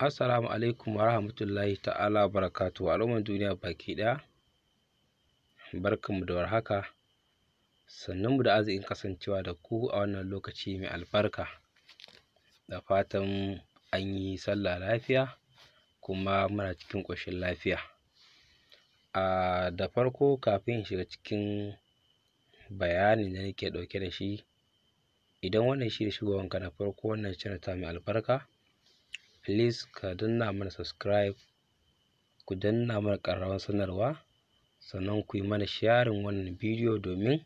Assalamu alaikum wa rahmatullahi ta'ala wa barakatu al'umman duniya baki ɗaya barkanmu da warhaka sannunmu da arzikin kasancewa da ku a wannan lokaci mai albarka da fatan an yi sallah lafiya kuma muna cikin ƙoshin lafiya a da farko kafin in shiga cikin bayanin da nake ɗauke da shi idan wannan shi ne shigowanka na farko wannan channel ta mai albarka please ka danna mana subscribe ku danna mana ƙararrawar sanarwa sannan ku yi mana sharin wannan bidiyo domin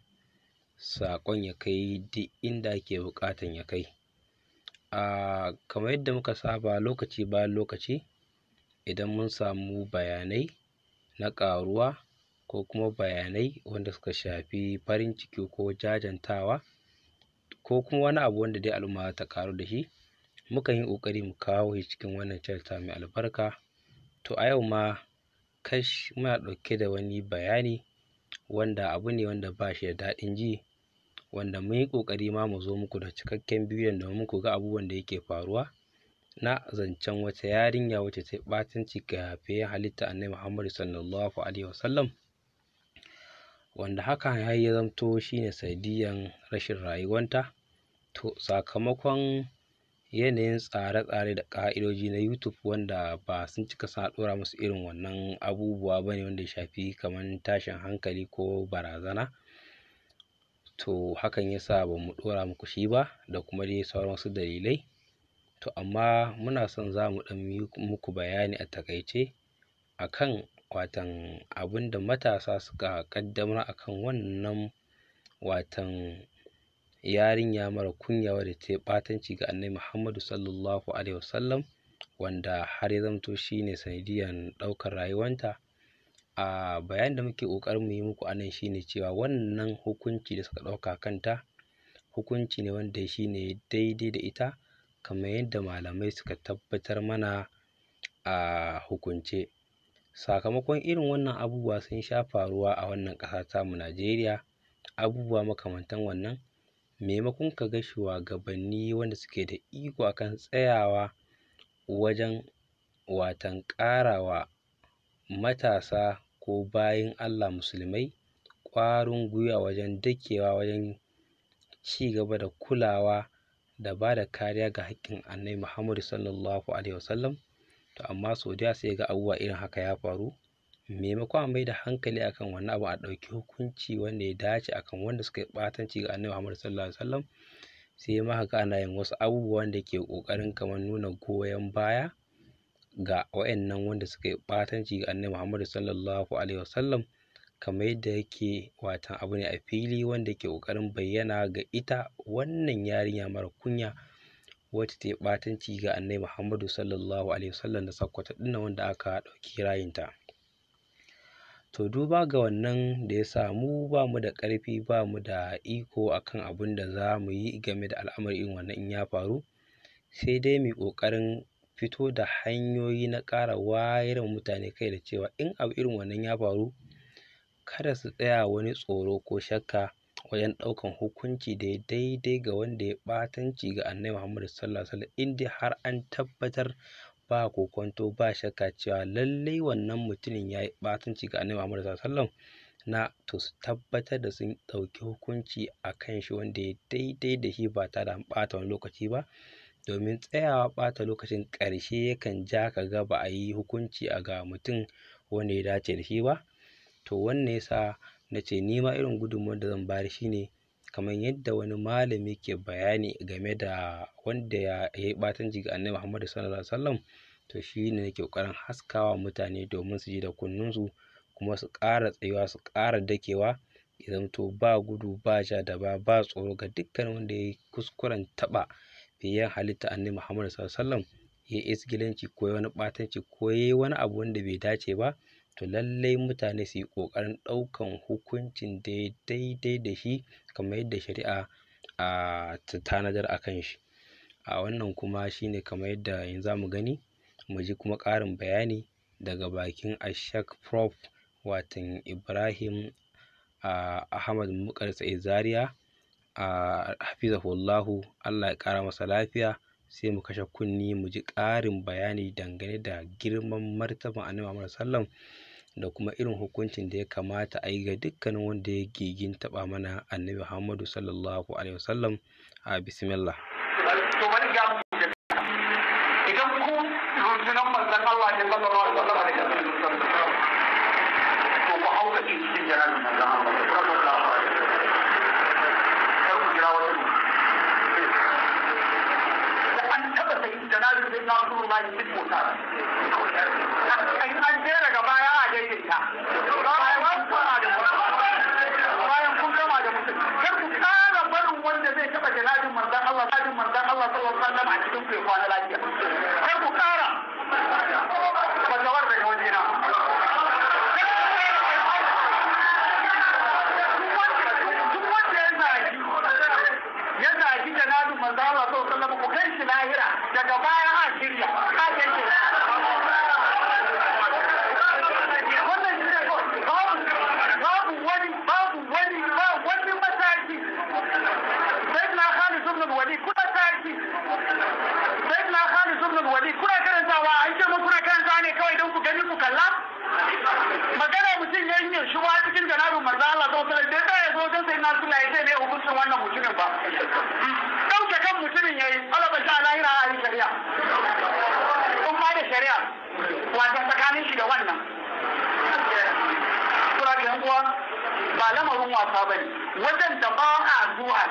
saƙon ya kai duk inda ake buƙatan ya kai a kamar yadda muka saba lokaci bayan lokaci idan mun samu bayanai na ƙaruwa ko kuma bayanai wanda suka shafi farin ciki ko jajantawa ko kuma wani abu wanda dai al'umma ta ƙaru da shi mukan yi ƙoƙari mu kawo shi cikin wannan channel ta mai albarka. To a yau ma kash muna ɗauke da wani bayani wanda abu ne wanda ba shi da daɗin ji wanda mun yi ƙoƙari ma mu zo muku da cikakken bidiyon domin ku ga abubuwan da yake faruwa na zancen wata yarinya wacce ta yi ɓatanci ga ya halitta Annabi Muhammad sallallahu alaihi wasallam. wanda haka har ya zamto shine sanadiyyan rashin rayuwanta to sakamakon yanayin tsare-tsare da ƙa'idoji na YouTube wanda ba sun cika sa ɗora musu irin wannan abubuwa ba ne wanda ya shafi kamar tashin hankali ko barazana to hakan ya sa ba mu ɗora muku shi ba da kuma dai sauran wasu dalilai to amma muna son za mu ɗan muku bayani a takaice kan watan abin da matasa suka ƙaddamar kan wannan watan yarinya mara kunya wadda ta yi ɓatanci ga annabi Muhammadu sallallahu alaihi wasallam wanda har ya zamto shine sanadiyyan ɗaukar rayuwanta a bayan da muke ƙoƙarin mu yi muku anan shine cewa wannan hukunci da suka ɗauka kanta hukunci ne wanda shine daidai da ita kamar yadda malamai suka tabbatar mana a hukunce sakamakon irin wannan abubuwa sun sha faruwa a wannan ƙasa tamu Najeriya abubuwa makamantan wannan maimakon ka ga shuwagabanni wanda suke da iko akan tsayawa wajen watan ƙarawa matasa ko bayin Allah musulmai ƙwarin gwiwa wajen dakewa wajen ci gaba da kulawa da ba da kariya ga haƙƙin Annabi Muhammadu Sallallahu Alaihi Wasallam. To amma sau da yawa sai ka ga abubuwa irin haka ya faru. maimakon a mai da hankali akan wannan abu a ɗauki hukunci wanda ya dace akan wanda suka yi ɓatanci ga annabi Muhammad sallallahu alaihi wasallam sai ma ga ana yin wasu abubuwan da ke ƙoƙarin kamar nuna goyon baya ga waɗannan wanda suka yi ɓatanci ga annabi Muhammad sallallahu alaihi wasallam kamar yadda yake watan abu ne a fili wanda ke ƙoƙarin bayyana ga ita wannan yarinya mara kunya wacce ta yi ɓatanci ga annabi Muhammadu sallallahu alaihi wasallam da sakkwata ɗin wanda aka ɗauki rayinta. To duba ga wannan da ya samu ba mu da ƙarfi ba mu da iko akan abun da za mu yi game da al'amarin wannan in ya faru, sai dai mu ƙoƙarin fito da hanyoyi na ƙara wayar wa mutane kai da cewa in abu irin wannan ya faru kada su tsaya wani tsoro ko shakka wajen ɗaukan hukunci da ya daidai ga wanda ya ɓatanci ga Annabi Muhammadu Sallallahu Alaihi Wasallam in har an tabbatar ba kokonto ba shakka cewa lallai wannan mutumin ya yi ɓatanci ga annabi Muhammad sallallahu alaihi wasallam na to su tabbatar da sun ɗauki hukunci a kan shi wanda ya daidai da shi ba tare da ɓata wani lokaci ba domin tsayawa ɓata lokacin ƙarshe yakan ja ka ga ba a yi hukunci a ga mutum wanda ya dace da shi ba to wannan yasa na ce ni ma irin gudunmawar da zan bayar shine kamar yadda wani malami ke bayani game da wanda ya yi ɓatanci ga annabi Muhammadu sallallahu alaihi wasallam to shi ne yake ƙoƙarin haskawa mutane domin su ji da kunnunsu kuma su ƙara tsayuwa su ƙara dakewa ya zamto ba gudu ba sha da ba ba tsoro ga dukkan wanda ya yi kuskuren taɓa biyan halitta annabi Muhammadu sallallahu alaihi wasallam ya yi isgilanci ko ya wani ɓatanci ko ya yi wani abu wanda bai dace ba to lallai mutane su yi ƙoƙarin ɗaukan hukuncin da daidai da shi kamar yadda shari'a a ta tanadar a kan shi a wannan kuma shine kamar yadda yanzu za mu gani mu ji kuma ƙarin bayani daga bakin ashak prof watan ibrahim ahmad mukar zaria a hafizahullahu allah ya ƙara masa lafiya sai mu kashe kunni mu ji ƙarin bayani dangane da girman martaban annabi Muhammad sallam da kuma irin hukuncin da ya kamata a yi ga dukkanin wanda ya gigin taɓa mana annabi Muhammadu sallallahu alaihi wasallam a bismillah. idan ku an je daga baya a kar ku kara barin wanda zai taba janabin manzon Allah sallallahu alaihi wasallam a cikin kwana lafiya kar ku kan wannan mutumin ba ɗauke kan mutumin ya yi alaɓa sha lahira a yi shari'a kun ba da shari'a wata tsakanin shi da wannan kura ke kuwa ba lamarin wasa ba ne wajen da ba a zuwa